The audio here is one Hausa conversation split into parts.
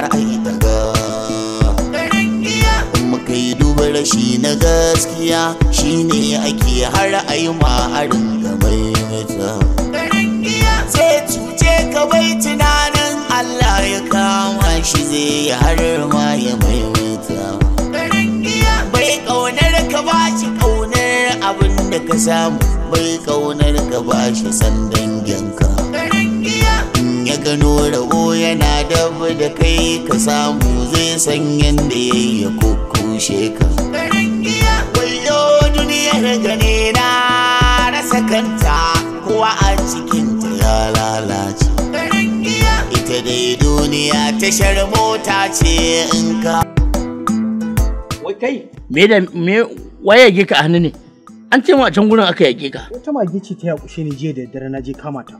har ai daga muka yi duba rashi na gaskiya shine ake har ai ma a ringa mai mata zai cuce ka bai tunanin Allah ya kama shi zai yi har ma ya mai mata bai kaunar ka ba shi kaunar abin da ka samu bai kaunar ka ba shi sandan ya gano rabo yana dabu da kai ka samu zai san yadda ya yi ya kukushe ka kullo duniyar na rasa kanta kowa a cikin ya lalace ita dai duniya tashar mota ce in ka me da me waye yake ka hannu ne an ce ma can gurin aka yake ka wata magi ce ta yakushe ne jiya da dare na je kama ta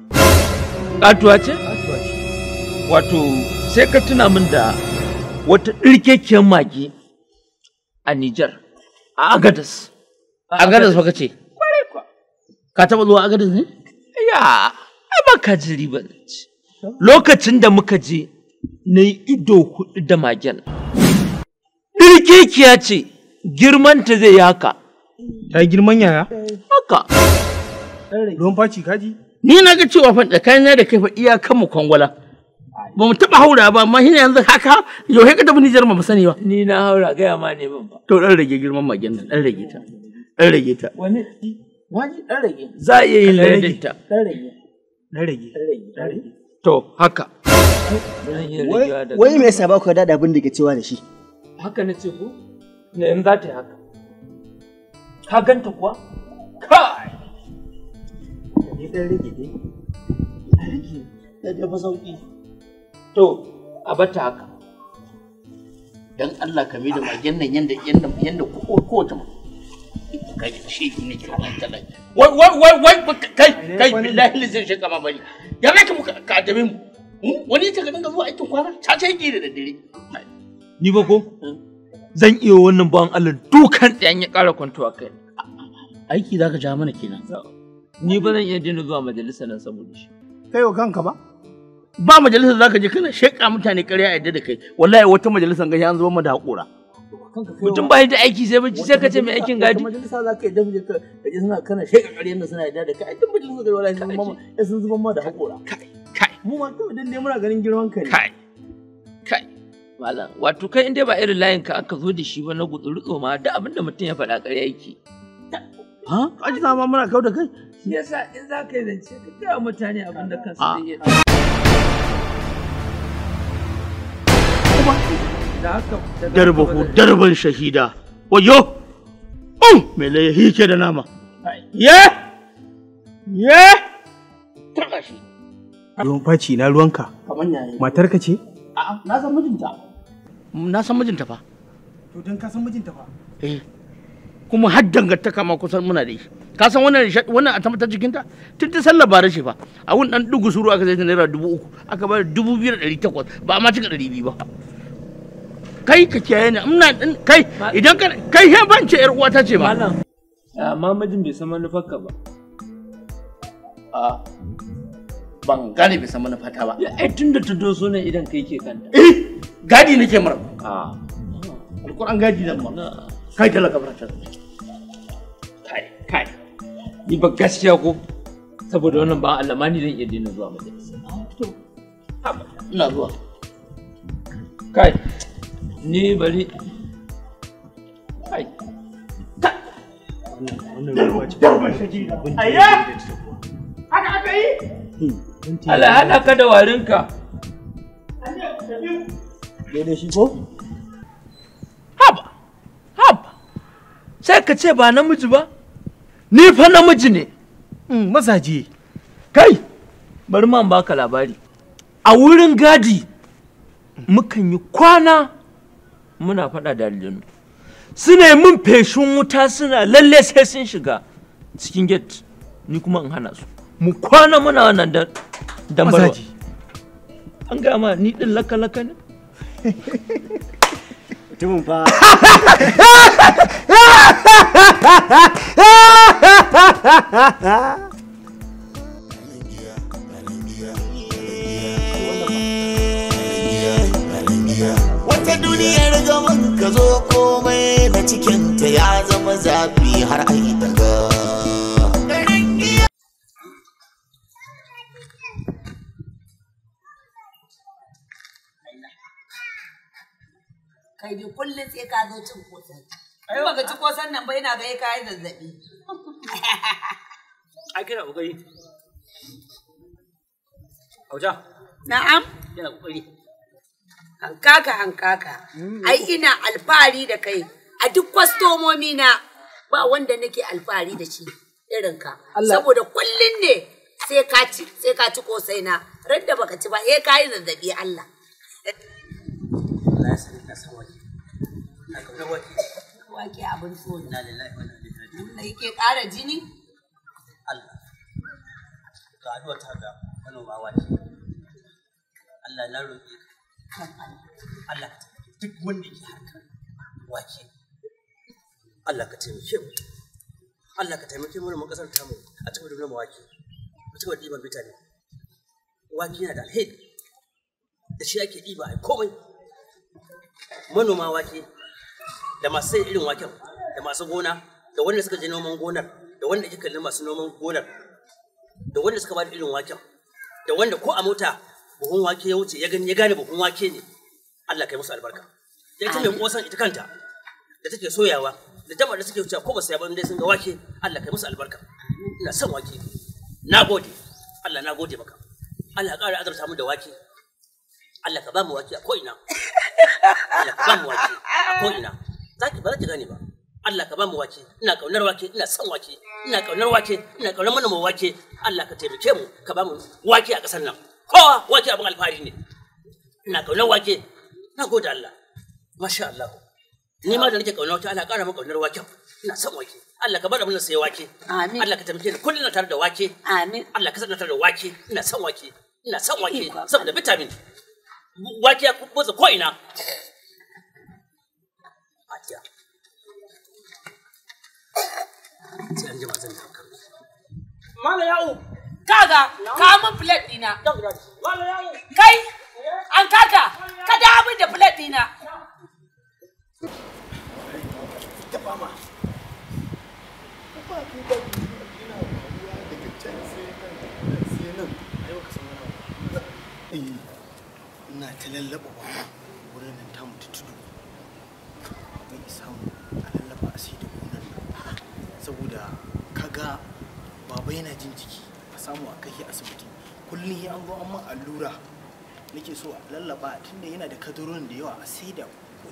katuwa ce wato sai ka tuna min da wata ɗirkekiyar mage a Nijar, a Agadas. Agadas ba ce? Kwarai kwa. Ka taɓa zuwa Agadas ne? Ya, ai ba ka ji riba Lokacin da muka je na yi ido kuɗi da magen. Ɗirkekiya ce girmanta zai yi haka. Ta girman yaya? Haka. Ruwan faci kaji? Ni na ga cewa fa tsakanina da kai fa iyakan mu kwangwala. ba mu taɓa haura ba amma shi yanzu haka yau ka tafi Nijar ba mu sani ba. Ni na haura gaya ma ne ban ba. To ɗan rage girman magen nan ɗan rage ta. Ɗan rage ta. Wani wani ɗan rage. Za a iya yin rage ta. Ɗan rage. Ɗan rage. Ɗan rage. To haka. Wai me yasa ba ku da abin da ke cewa da shi? Haka na ce ko? Na in za ta yi haka. Ka ganta kuwa? Kai! ne ɗan rage dai. Ɗan rage. Ɗan rage to a bata haka dan Allah ka mai da magen nan yanda yanda yanda kowace mu kai shi ne ke wannan talaki wai wai wai wai kai kai billahi zai shaka ma bari ya zaka mu hmm? ka dabe mu wani ta ga dinga zuwa aikin kwana ta ce ki da dare ni ba ko hmm. zan iya wannan bawan Allah dukan da ya kara kwanto a kai aiki zaka ja mana kenan ni ba zan iya daina zuwa majalisa nan saboda shi kai wa kanka ba ba majalisar za ka je kana sheƙa mutane ƙarya a yadda da kai wallahi wata majalisar gashi an zuba mu da hakura mutum ba da aiki sai bacci sai ka ce mai aikin gadi majalisa za ka yadda mu ka je suna kana sheƙa ƙarya da suna yadda da kai duk majalisa da wallahi sun mama sun zuba mu da hakura kai kai mu ma kawai dan ne muna ganin girman kai. kai kai malam wato kai in dai ba irin layin ka aka zo da shi ba na gutsuru ma da abin da mutum ya faɗa ƙarya yake ha aji ma muna kau da kai yasa in za ka yi zance ka ga mutane abin da kansu ah. zai yi darbahu darban shahida wayo oh me ya hike da nama ye ye ruwan faci na ruwanka matarka ce a'a na san mijinta na san mijinta fa to dan ka san mijinta fa eh kuma har dangantaka ma kusan muna da shi ka san wannan wannan a tamata cikin tun ta sallar bare shi fa a wun dan dugu suru aka sai ta naira dubu uku aka bayar dubu biyar ɗari takwas ba a ma cika dari biyu ba kai ka kiyaye ni ina din kai idan ka kai he ban ce yar uwata ce ba malam amma mijin bai san ka ba a ban gane bai san ta ba ai tunda ta doso ne idan kai ke kanta eh gadi nake mar a alquran gadi nan ma kai talaka barata kai kai ni ba gaskiya ko saboda wannan ba Allah ma ni zan iya daina zuwa majalisa to ina zuwa kai ni weil haka Hey. Allah ka da warinka shi ko haba haba sai ka ce ba namiji ba ni fa namiji ne mm, mazaje kai bari man baka labari a wurin gadi mukan yi kwana muna faɗa da aljanu suna mun feshin wuta suna lalle sai sun shiga cikin gate ni kuma in hana su mu kwana muna wannan da dambarwa an ma ni din laka laka ne mutumin fa duniyar gaban ka zo komai na cikin ta ya zama zafi har a yi daga kai bi kullum sai ka zo cin kosan in baka ci kosan nan ba yana ga ka yi zazzabi ai kana kokari Hauja. Na'am. Yana kokari. hankaka hankaka mm. ai ina alfahari da kai a duk kwastomomi na ba wanda nake alfahari da shi irin ka saboda kullun ne sai ka ci sai ka ci kosai na ran baka ci ba eh kai yi zazzabi Allah Allah ya sani ka san wake na kauna wake wake abin so na lillahi wa inna ilaihi raji'un yake ƙara jini Allah ka addu'a ta ga manoma wake Allah na roƙe ka kan Allah ka taimake duk wanda yake harkar wake Allah ka taimake mu Allah ka taimake mu mun kasar tamu a cikin dubna wake a cikin diban mutane wake yana da alheri da shi ake diba ai komai manoma wake da masu sai irin waken da masu gona da wanda suka je noman gonar da wanda ke kallon masu noman gonar da wanda suka ba irin waken da wanda ko a mota buhun wake ya wuce ya gani ya gane buhun wake ne Allah kai musu albarka da ita mai kosan ita kanta da take soyawa da jama'a da suke wuce ko ba su yaba inda sun ga wake Allah kai musu albarka ina son wake na gode Allah na gode maka Allah ya ƙara azurta mu da wake Allah ka ba mu wake a ko'ina Allah ka ba mu wake a ko'ina za ki ba za ki gane ba Allah ka ba mu wake ina kaunar wake ina son wake ina kaunar wake ina kaunar mana mu wake Allah ka taimake mu ka ba mu wake a ƙasar nan kowa wake abin alfahari ne ina kaunar wake na gode Allah masha Allah ni ma da nake kaunar wake Allah kara maka kaunar wake ina son wake Allah ka bar na sai wake amin Allah ka tamke ni kullun tare da wake amin Allah ka sanar da wake ina son wake ina son wake saboda vitamin wake ya kubuza ko ina Ajiya. Sai an Mala ya'u, kaga kamun plate dina kai an kaka ka da abin da plate dina ina ta lallaba ba wurin nan ta mutu tudu mai isa mu a lallaba asiri da gonan saboda kaga baba yana jin jiki ka samu a kai asibiti kullum an zo an ma allura nake so a lallaba tunda yana da kadurun da yawa a sai da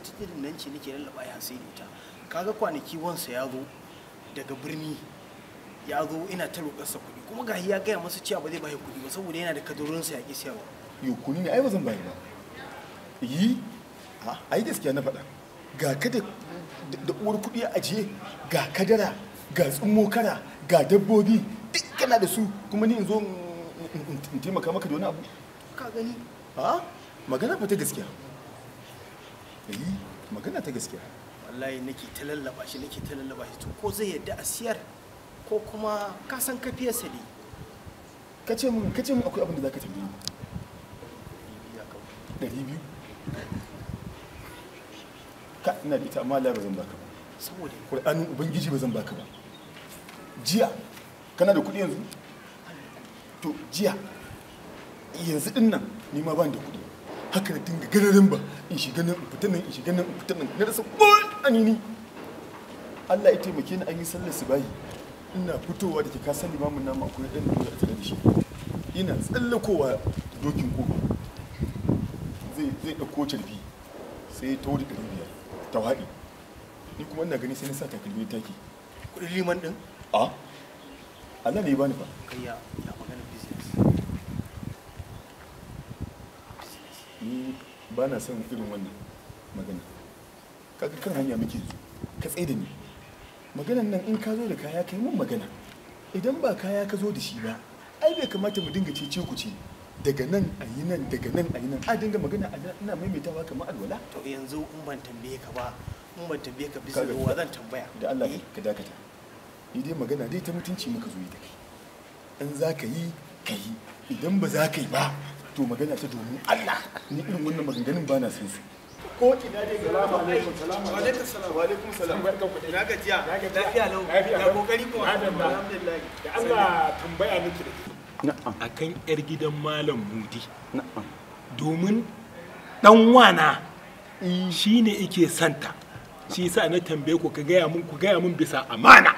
cikin nan ce nake lallaba ya sai da ita kaga kwanaki wansa ya zo daga birni ya zo ina ta sa kuɗi kuma ga ya gaya masa cewa ba zai bashi kuɗi ba saboda yana da sa ya ki siyarwa yo kuni ne ai ba zan bayi ba yi a ai gaskiya na faɗa ga kada da uwar kuɗi a ajiye ga kadara ga tsummo kara ga dabbobi kana da su kuma ni in zo in taimaka maka da wani abu ka gani ha magana fa ta gaskiya eh magana ta gaskiya wallahi nake ta lallaba shi nake ta lallaba shi to ko zai yadda a siyar ko kuma ka san kafiyarsa ne ka ce mun ka ce mun akwai abin da zaka tambaye ni dari biyu ka ina da ita amma Allah ba zan baka ba saboda Qur'anin ubangiji ba zan baka ba jiya kana da kuɗi yanzu to jiya yanzu din nan ni ma ban da kuɗi haka na dinga gararin ba in shiga nan in fita nan in shiga nan in fita nan na rasa ko anini Allah ya taimake ni an yi sallar subahi ina fitowa da ke ka san limamin namu akwai ɗan da ya da shi ina tsallakowa dokin ko zai zai ɗauko carfi sai ya tawo da ɗari biyar ta waɗi ni kuma ina gani sai na sa takalmi taki kuɗin liman ɗin a Allah ne bani fa kayya magana business ni ba na son irin wannan magana kaga kan hanya muke zu. ka tsaye da ni maganan nan in ka zo da kaya kai mun magana idan ba kaya ka zo da shi ba ai bai kamata mu dinga cece ku ce daga nan a yi nan daga nan a yi nan a dinga magana a ina maimaitawa kamar alwala to yanzu in ban tambaye ka ba in ban tambaye ka bisa ruwa zan tambaya da Allah eh? ka dakata ni dai magana dai ta mutunci muka zo yi da kai in za ka yi ka yi idan ba za ka yi ba to magana ta domin Allah ni irin wannan maganganun ba na san su ko ina dai salamu alaikum salamu alaikum salamu alaikum salamu barkan ku ina gajiya lafiya lau ya kokari ko alhamdulillah da Allah tambaya miki da na'am akan yar gidan malam Mudi na'am domin dan wana shine yake santa shi yasa na tambaye ku ka gaya mun ku gaya mun bisa amana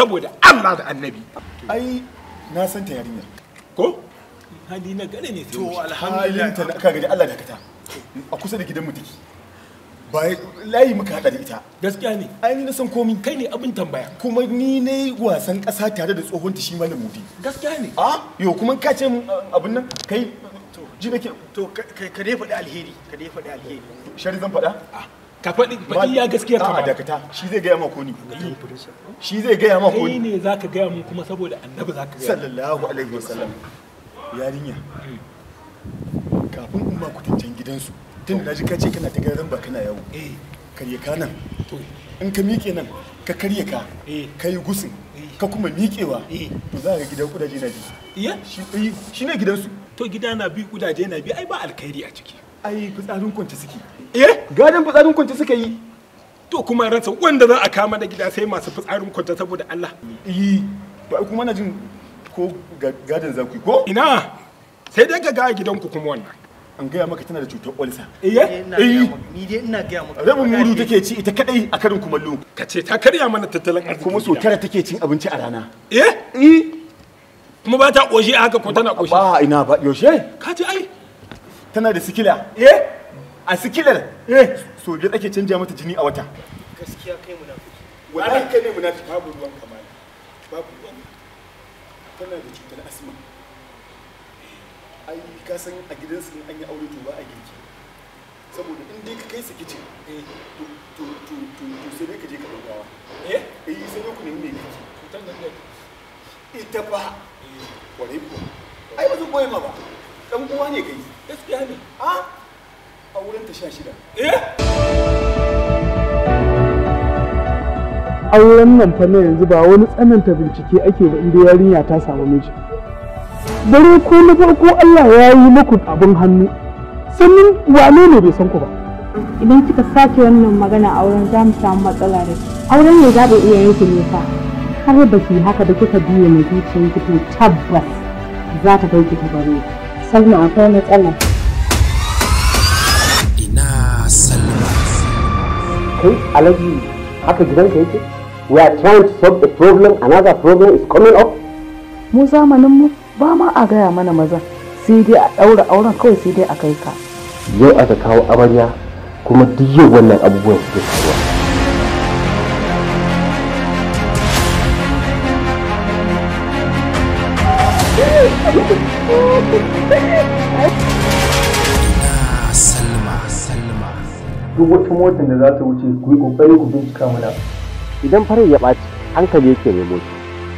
saboda Allah da annabi ai na san ta yarinya ko hadi na gare ne to alhamdulillah ta ka gari Allah da kata a kusa da gidan mu take ba layi muka hada da ita gaskiya ne ai ni na san komi kai ne abin tambaya kuma ni ne wasan kasa tare da tsohon ta shi malam mudi gaskiya ne a ah, yo kuma ka ce ah, abin nan kai ji to ka dai faɗi alheri ka dai faɗi alheri shari zan faɗa ah. ka faɗi faɗi ya gaskiya ka ba dakata shi zai gaya mako ni shi zai gaya mako ni ne zaka gaya mun kuma saboda annabi zaka gaya sallallahu alaihi wasallam yarinya kafin in ba kutancen gidansu tun da ji kace kana ta garin ba kana yawo eh. karye ka nan in ka miƙe nan ka karye ka eh. ka yi gusin eh. ka kuma miƙewa to za ka gidan kudaje na biyu shi ne gidansu to gida na biyu kudaje na biyu ai ba alkhairi a ciki ai fitsarin kwance suke eh gadon fitsarin kwance suke yi to kuma ransa wanda za a kama da gida sai masu fitsarin kwance saboda Allah yi ba kuma na jin ko gadon za ku ko ina sai dai ga ga kuma wannan an gaya maka tana da cutar eh, eh, eh. ni dai ina gaya maka rabin take ci ita kadai a karin kumallo ka ce ta karya mana tattalin arziki kuma so tara take cin abinci a rana eh eh kuma ba ta koshi haka ko tana koshi ba ina ba yaushe ka ai tana da sikila eh a sikilar eh so biyar ake canja mata jini a wata gaskiya kai munafiki wallahi kai ne munafiki babu ruwan kamala babu ruwan tana da cutar asma ai ka san a gidansu an yi aure to ba a girki saboda in dai ka kai su eh to to to to sai dai ka je ka dogawa eh eh sai ne. ku ne mai girki cutar da ita fa kwarai eh. ko ai ba zan koyi ma ba auren nan fa na yanzu ba wani tsananta bincike ake da inda yarinya ta samu miji dare ko na farko Allah ya yi muku abin hannu sannan wane ne bai san ku ba idan kika sake wannan magana auren za mu samu matsala da auren ne za ku iya ku ne fa har ba ki haka da kuka biye mai zuciyar ki to tabbas za ta kai ki ta bare salma akwai matsala ina salma kai alaji haka gidanka yake we are trying to solve the problem another problem is coming up mu zamanin mu ba ma a gaya mana maza sai dai a daura auren kawai sai dai a kai ka yau aka kawo amarya kuma duk yau wannan abubuwan suke faruwa Oh, duk wata motar da za ta wuce ku yi kokari ku bincika mana idan farai ya ɓaci hankali yake mai motsi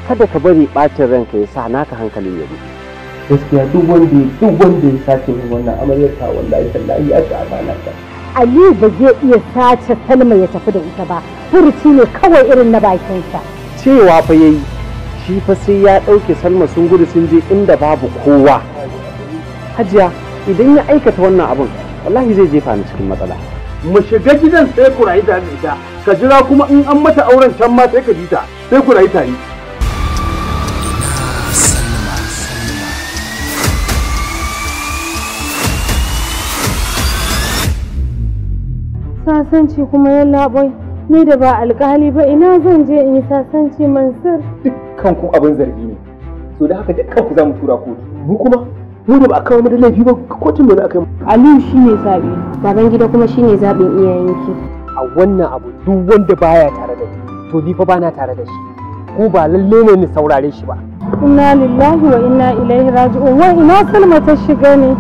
kada ka bari ɓacin ranka ya sa naka hankali ya bi gaskiya duk wanda duk wanda ya sace min wannan amaryar ta wallahi sallahi ya ci amana ta Aliyu ba zai iya sace Salma ya tafi da ita ba furuci ne kawai irin na bakinsa cewa fa yayi shi fa sai ya ɗauke Salma sun gudu sun je inda babu kowa Hajiya idan ya aikata wannan abin wallahi zai jefa ni cikin matsala mu shiga gidan sai ku rayu tare da ita ka jira kuma in an mata auren can ma sai ka ji ta sai ku rayu tare sasanci kuma ya labai ni da ba alkali ba ina zan je in yi sasanci mansur dukkan ku abin zargi ne so da haka dukkan ku za mu tura kotu mu kuma mu da ba a kawo mu da laifi ba kotun da aka mu. aliyu shine zabe baban gida kuma shine zaɓin iyayenki a wannan abu duk wanda baya tare da ni to ni fa bana tare da shi ko ba lalle ne ni saurare shi ba inna lillahi wa inna ilaihi raji'un wa ina salma ta shiga ne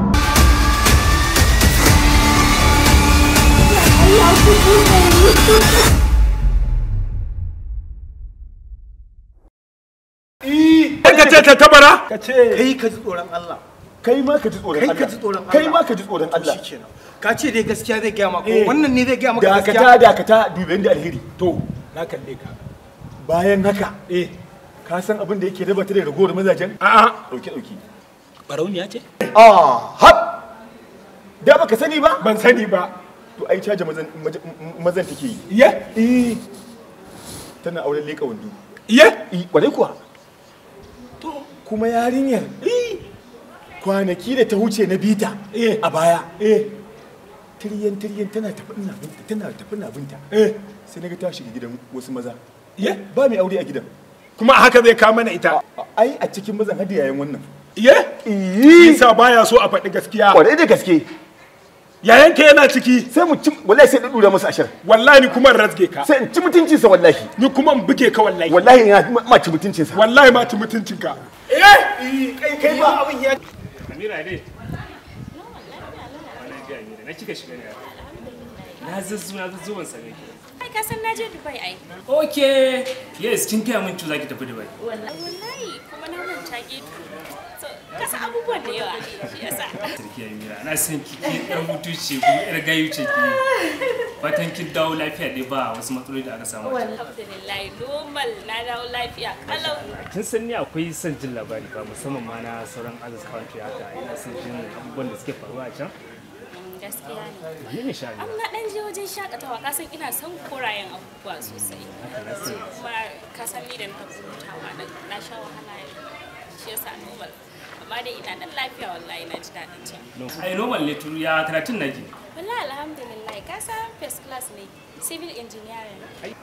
Ka ce ta tabara? Ka ce. Kai ka ji tsoron Allah. kai ma ka ji tsoron Allah kai ma ka ji tsoron Allah ka ce dai gaskiya zai gaya maka eh. wannan ne zai gaya maka gaskiya dakata dakata dube da alheri to na kalle ka bayan haka eh ka san abin da yake rabata da ragowar mazajen a'a dauki dauki barauniya ce a ah, hab da baka sani ba ban sani ba to ai caja mazan mazan take yi ya eh tana auren leka wando ya kwarai eh, kuwa to kuma yarinyar eh kwanaki da ta wuce na bita eh. a baya eh. tiryan tiryan tana tafi ina binta tana tafi ina binta eh. sai naga ta shiga gidan wasu maza ye ba mai aure a gidan kuma haka zai kawo mana ita ai a cikin mazan hadi yayin wannan ye isa baya so a faɗi gaskiya kwarai da gaske yayan ke yana ciki sai mu cin, wallahi sai dudura masa ashar wallahi ni kuma rasge ka sai in ci mutuncin sa wallahi ni kuma in buge ka wallahi wallahi ma ci mutuncin sa wallahi ma ci mutuncin ka eh kai kai ba abin ya Amira ne? na kika shiga ne. Na zazzu na zazzu ban same ki. ka san na je Dubai ai. Okay. Yes, kin kai tafi Dubai. Wallahi, kuma na Kasa abubuwan da yawa shi yasa. Sarki Amira, na san ki ki dan mutunci yar gayu ce ki. Fatan kin dawo lafiya dai ba wasu matsaloli da aka samu. Alhamdulillah normal na dawo lafiya kalau. Kin san ni akwai son jin labari ba musamman ma na sauran others country haka ina son jin abubuwan da suke faruwa a can. Mm, gaskiya ne. An na ɗan je wajen shakatawa kasan ina son korayen abubuwa sosai. Kuma kasan ni da na hutawa na sha wahala shi yasa normal. amma dai ina nan lafiya wallahi na ji daɗin can. Ai normal ne turu ya na nake. Wallahi alhamdulillah ka san first class ne civil engineering.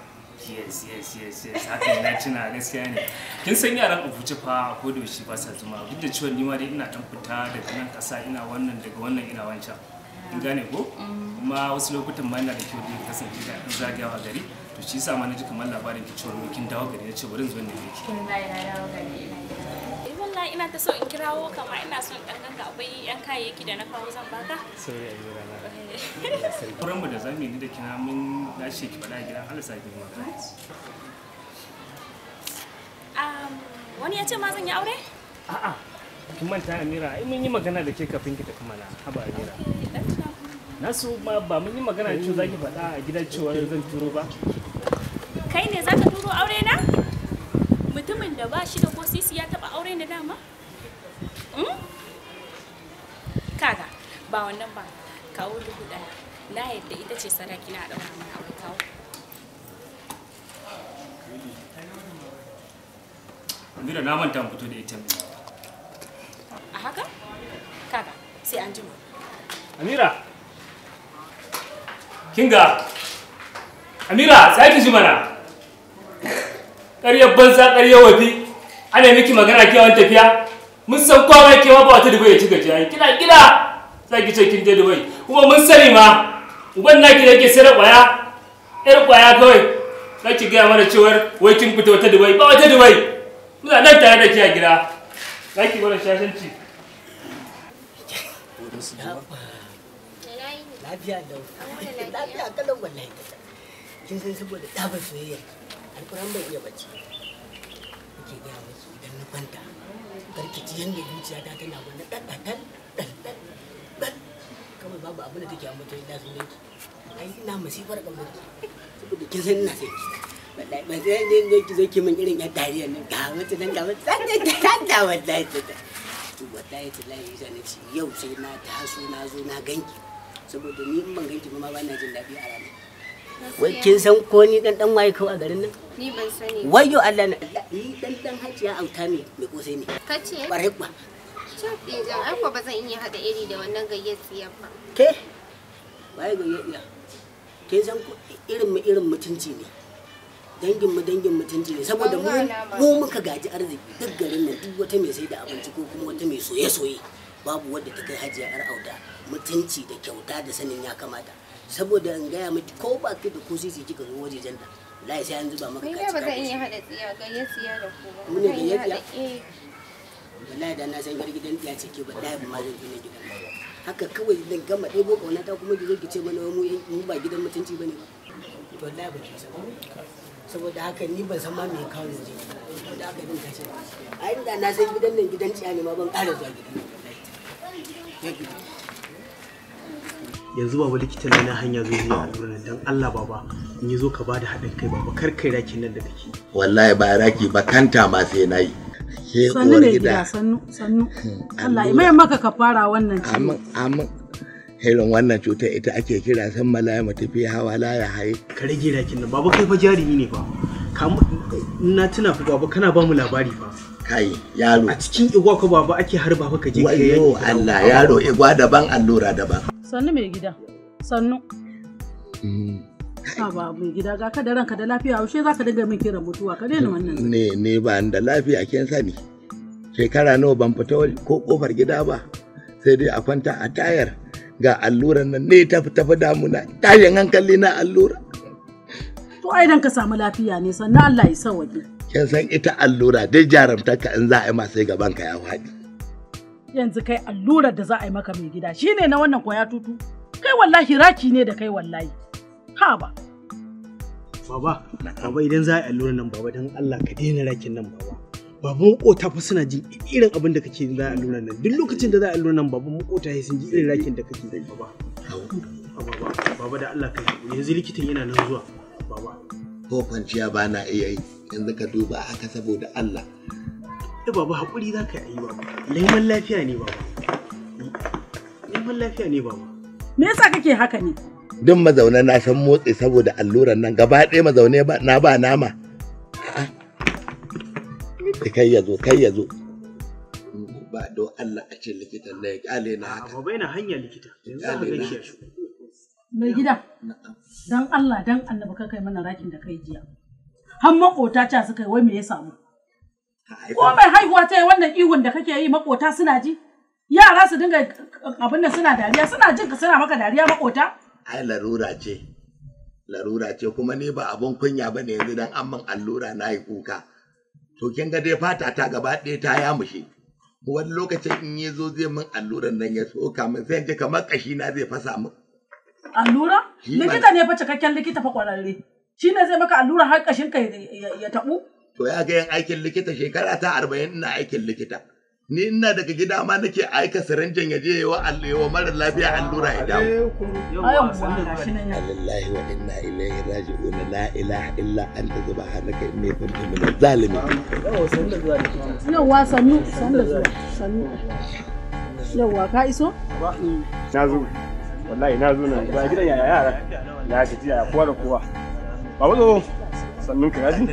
Yes yes yes yes hakan na tuna gaskiya ne. Kin san yaran Abuja fa ko da ba sa zuma duk da cewa ni ma dai ina ɗan fita daga nan ƙasa ina wannan daga wannan ina wancan. in gane ko? Kuma mm. wasu lokutan ma ina da kyau da kasance da zagayawa gari. To shi yasa ma na ji kamar labarin ki cewa kin dawo gari na ce bari zo ne. Kin dawo gari ina ta so in kirawo kama ina so in ɗan akwai yan kayayyaki da na kawo zan baka. Sorry a yi rana. Eh. Kuranmu da zamu yi da kina mun lashe ki faɗa gidan alisa ki kuma. Um, wani ya ce ma zan yi aure? A'a, kin manta Amira, ai mun yi magana da ke kafin ki tafi mana, haba Amira. Nasu ma ba mun yi magana da cewa zaki faɗa a gidan cewa zan turo ba. Kai ne za ka turo aure na? mutumin da ba shi da ko sisi ya taba aure da dama hmm? kaga ba wannan ba kawo dubu daya na yadda ita ce saraki na daura mana aure kawo Ni da naman ta fito da ita. A haka? Kaga, sai an jima. Amira! Kinga! Amira, sai ki ji mana! Ƙarya banza ƙarya wafi ana miki magana wani tafiya mun san kowa mai kewa ba wata dubai ya ci gajiya kina kina za ki ce kin je dubai kuma mun sani ma uban naki da yake sayar kwaya yar kwaya kawai za ki gaya mana cewar wai kin fita wata dubai ba wata dubai muna nan tare da ke a gida za ki mana shashanci lafiya lau lafiya kalau wallahi kin san saboda ɗabar soyayya alkuran bai iya bacci nake gaya miki idan na kwanta karkici yadda zuciya ta tana wani ɗaɗɗaɗɗan ɗaɗɗaɗɗan kawai babu abin da take ambata ina sunan ki ai ina masifar ƙaunar ki saboda kin san ina sai wallahi ba sai ne ne ki zo min irin yan tariya nan ga wata nan ga wata nan ta nan wallahi ta ta wallahi ta lahi ta na yau sai na taso na zo na ganki saboda ni in ban ganki ma ba na jin daɗi a ranar wai kin san ko ni dan dan waye kawai a garin nan ni ban sani wayo Allah na ni dan dan hajiya auta ne me kosai ne kace bare kwa Shafi jan ai ba zan iya hada iri da wannan gayyar tsiyar ba ke waye gayyar iya kin san irin mu irin mutunci ne dangin mu dangin mutunci ne saboda mu mu muka gaji arziki duk garin nan duk wata mai sai da abinci ko kuma wata mai soye soye babu wadda ta kai hajiya ar auta mutunci da kyauta da sanin ya kamata saboda in gaya miki ko ba ki da ko sisi kika zo wajen da wallahi sai an zuba maka kaci kaci ba zan iya hada tsiya gayya tsiya da ku ba mun gayya tsiya eh. wallahi da na san gar gidan tsiya ce ke wallahi ba ma zan gina gidan ba haka kawai dan gama dai boko na ta kuma gizo ki ce mana mu mu ba gidan mutunci bane ba to wallahi ba ki san saboda haka ni ban san ma me kawo ne da aka bin kace ai da na san gidan nan gidan tsiya ne ma ban ƙara zuwa gidan nan yanzu baba likitan na hanya zai yi allurar dan Allah baba in zo ka bada haɗin kai baba kar kai rakin nan da kake wallahi ba raki ba kanta ma sai nayi sannu ne gida sannu sannu hmm, Allah ya mai maka ka fara wannan ciwo amin amin irin wannan cuta ita ake kira san malaya mu tafi hawa la ya haye ka rage raki nan baba kai fa jarumi ne fa na tuna fa baba kana ba mu labari fa kai yaro a cikin igwa ko baba ake har baba ka je kai yaro Allah yaro igwa daban allura daban sannu mai gida sannu mm. ba mai gida ga ka da ranka da lafiya haushe za ka daga min kiran mutuwa ka daina wannan ne ne ba da lafiya kin sani shekara nawa ban fita ko kofar gida ba sai dai a kwanta a tayar ga alluran nan ne ta fi tafi damuna tayin hankali na allura to ai dan ka samu lafiya ne sannan Allah ya sauke kin san ita allura dai jarumta ka in za a yi ma sai gaban ka ya faɗi yanzu kai allurar da za a yi maka mai gida shi ne na wannan kwaya tutu kai wallahi raki ne da kai wallahi ha ba baba baba idan za a yi allurar nan baba don Allah ka daina rakin nan baba baba makota fa suna jin irin abin da kake za a allurar nan duk lokacin da za a allurar nan baba makota sai sun ji irin rakin da kake zai baba baba baba da Allah ka yanzu likitan yana nan zuwa baba ko kwanciya ba na iya yi yanzu ka duba haka saboda Allah da baba haƙuri za ka yi baba neman lafiya ne baba neman lafiya ne baba me yasa kake haka ne duk mazauna na san motsi saboda alluran nan gaba ɗaya mazaune na ba nama kai ya zo kai ya zo ba don Allah a ce likitan na ya kyale na haka baba yana hanya likita yanzu za ka gaishe shi mai gida dan Allah dan annabi kai mana rakin da kai jiya har makota ta suka yi wai me ya samu Ko mai haihuwa ta wannan ihun da kake yi makota suna ji? Yara su dinga abin da suna dariya suna jin ka suna maka dariya makota? Ai larura ce. Larura ce kuma ni ba abun kunya ba ne yanzu dan an allura na yi kuka. To kin ga dai fata ta gaba ɗaya ta mushe. Wani lokacin in ya zo zai min alluran nan ya soka min sai ji kamar ƙashi na zai fasa min. Allura? Likita ne fa cikakken likita fa ƙwararre. Shi ne zai maka allura har ƙashin ka ya taɓu? to ya ga yin aikin likita shekara ta arba'in ina aikin likita ni ina daga gida ma nake aika sirinjin ya je wa wa mara lafiya allura ya dawo alillahi wa inna ilaihi raji'un la ilaha illa anta subhanaka inni kuntu minaz zalimin yawa sannu sannu sannu yawa ka iso na zo wallahi na zo na ba gidan yaya yara ya gajiya kowa da kowa ba wazo sannun ka yaji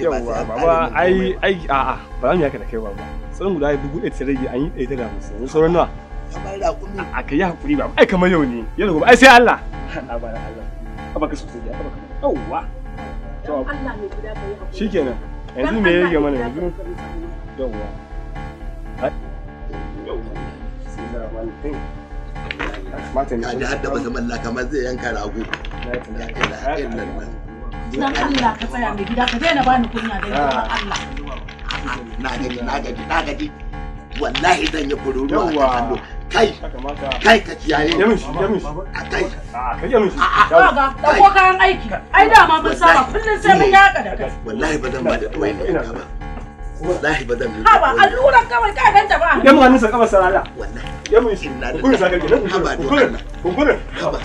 yawa baba ai ai a a ba za mu yaka da kai ba ba sauran guda dubu ɗaya ta rage an yi ɗaya mun sauran nawa a yi hakuri ba ai kamar yau ne yau gobe ai sai Allah na ba Allah aba ka sosai ya aba ka yawa to Allah ne guda ka yi hakuri shikenan yanzu me yake mana yanzu yawa Mata ne. Ka ji hadda ba zaman kamar zai yanka rago. La ilaha illallah. Dan Allah ka tsaya mai gida ka daina bani kunya da ah. yawa Allah. Na na na Wallahi zan yi kururu a kan Kai kai ka kiyaye. Ya mishi ya mishi. A kai. A ya mishi. A'a ga dauko kayan aiki. Ai dama mun saba kullun sai mun yaka da kai. Wallahi ba zan ba da ɗuwai da ba. wallahi ba zan yi haba alluran kawai ka ganta ba yan maganin sa kaba sarara wallahi yan mun shi sa kake kukurin kukurin haba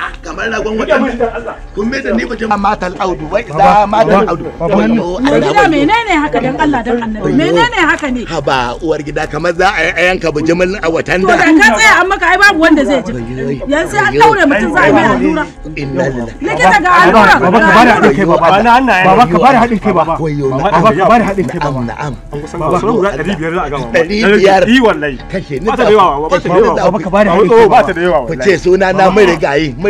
Ah, kamar ragon wata kun me da ni ba jama'a matal audu wai da matal audu gida menene haka dan Allah dan annabi menene haka ne ha ba uwar gida kamar za a yanka bijimin a watan da to da ka tsaya an maka babu wanda zai ji yanzu an daure mutum za a mai allura inna lillahi likita ga allura baba ka bari hadin kai baba na anna baba ka bari hadin kai baba baba ka bari hadin kai baba na'am baba sun guda 500 za a gama 500 wallahi kake ni ba ta da yawa baba ka bari hadin ba ta da yawa suna na mai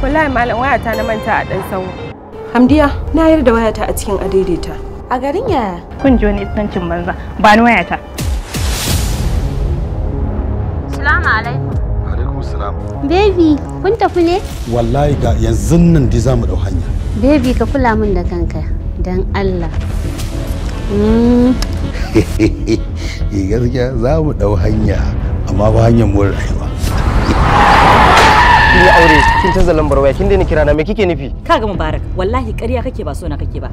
wallahi malam wayata na manta a dan sawo hamdiya na yar da wayata a cikin adaidaita a garin ya? kun ji wani iskancin banza ba ni wayata salamu alaikum alaikum salam baby kun tafi ne wallahi ga yanzu nan dai za mu dau hanya baby ka kula min da kanka dan Allah hmm. gaskiya za mu dau hanya amma ba hanyar mu rayuwa kin yi aure kin canza lambar waya kin daina kira na me kike nufi kaga mubarak wallahi ƙarya kake ba so na kake ba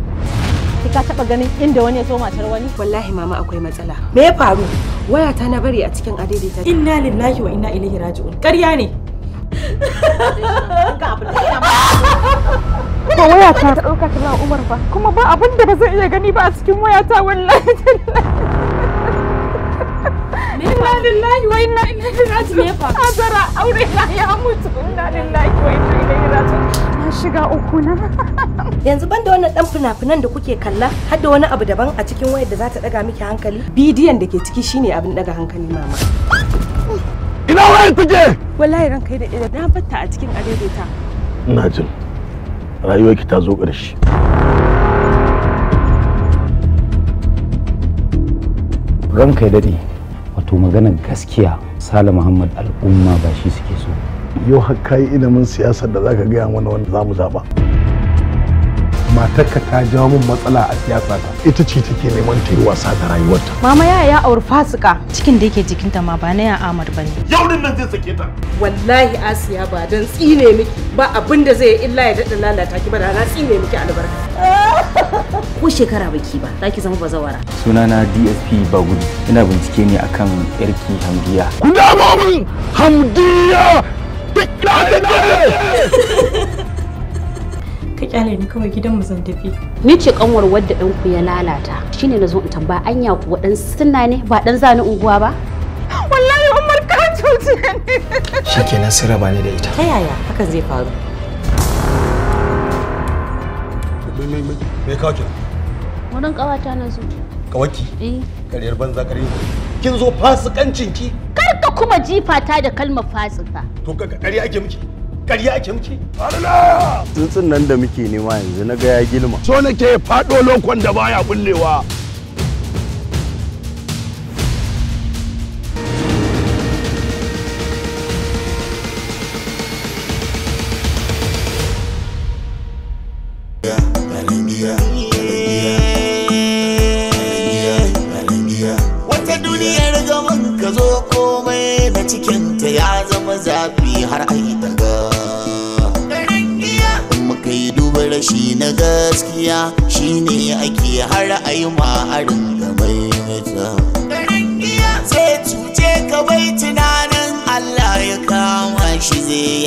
ki ka taba ganin inda wani ya so matar wani wallahi mama akwai matsala me ya faru waya ta na bari a cikin ta inna lillahi wa inna ilaihi raji'un ƙarya ne ba waya ta ta dauka ta Umar ba kuma ba abin da ba zan iya gani ba a cikin waya ta wallahi Inna lillahi wa inna ilaihi raji'un. Azara aure na ya mutu. Inna lillahi wa inna ilaihi raji'un. Na shiga uku na. Yanzu ban da wannan dan fina-finan da kuke kalla har da wani abu daban a cikin wayar da za ta daga miki hankali. Bidiyon da ke ciki shine abin daga hankali mama. Ina wayar kuke? Wallahi ranka da ida na batta a cikin adaidaita. Ina jin. Rayuwarki ta zo ƙarshe. Ranka ya dade. to magana gaskiya sale muhammad al'umma ba shi suke so yau har kai ilimin siyasar da zaka gaya mana wanda zamu zaba matarka ta jawo min matsala a siyasa ta ita ce take neman ta yi wasa da rayuwarta mama yaya ya aure fasika cikin da yake jikinta ma ba na ya amar bane yau din nan zai sake ta wallahi asiya ba dan tsine miki ba abinda zai illa ya dada lalata ki ba da na tsine miki albarka ah! ko shekara baki ba za ki zama bazawara sunana dsp bagudu ina bincike ne akan yarki hamdiya ku dama min hamdiya ka kyale ni kawai gidan mu zan tafi ni ce kanwar wadda dan ku ya lalata shine nazo in tamba anya ku wadan sunna ne ba dan zani unguwa ba wallahi umar ka ne. ni shikenan sai raba ni da ita ta yaya hakan zai faru mai mai mai kawo ki wurin kawata na zo kawaki eh kariyar banza kariyar kin zo fasikancin ki kar ka kuma jifata da kalmar fasika to ka kariya ake miki ƙarya ake miki? muke. Tsuntsun nan da muke nema yanzu na ga ya gilma. So nake faɗo lokon da baya bullewa.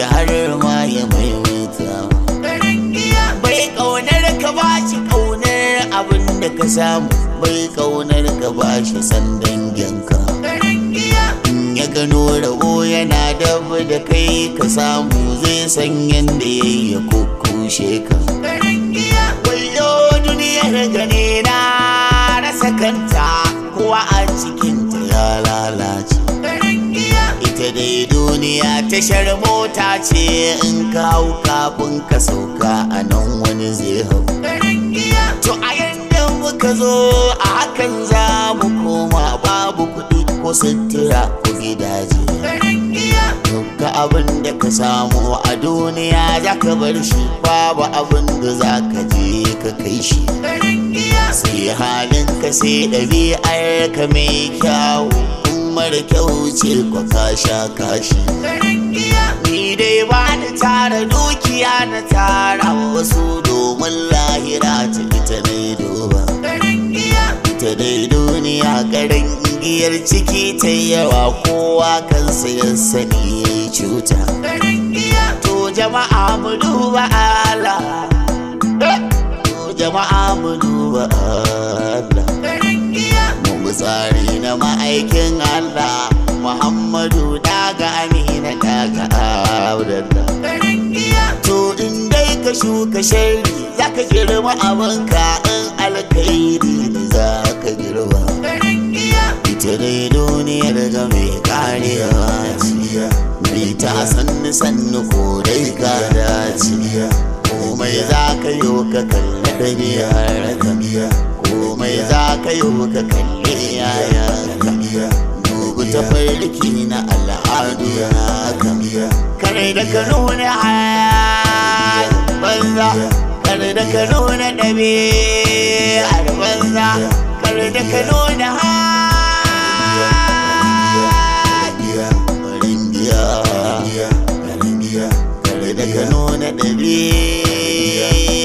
yi har ma ya maimaita bai kaunar ka ba shi kaunar abin da ka samu bai kaunar ka ba shi san danginka in ya gano rabo yana dabu da kai ka samu zai san yadda ya yi ya kukushe ka kwallo duniyar gane na rasa kanta kowa a cikinta ya lalace ita dai duniya tashar mota ce in ka hau kafin ka sauka a nan wani zai hau to a yadda muka zo a hakan za mu koma babu kuɗi ko sutura ko gidaje duka abin da ka samu a duniya za ka bar shi babu abin da za ka je ka kai shi sai halin ka sai ɗabi'ar ka mai kyawu mara kyau ce kwa kasha kashi ni dai ba da tara dukiya na tara wasu domin lahira ta ita ne doba ita dai duniya garin igiyar ciki ta yawa kowa kan sayan sani ya yi cuta to jama'a mu duba to jama'a mu duba Allah tsari na ma'aikin Allah Muhammadu daga Amina daga Abdullah to in dai ka shuka shari ka girma abinka in alkhairi za ka girma ita dai duniyar ga mai karewa mai ta sannu sannu ko dai ka dace komai zaka yi ka kalli ɗabi'ar biya komai za ka yi muka kalle yaya dubu ta farki na al'adu na kare da kano na hayar banza kare da ka nuna ɗabi'ar banza kare da ka nuna Kare da ka nuna ɗabi'ar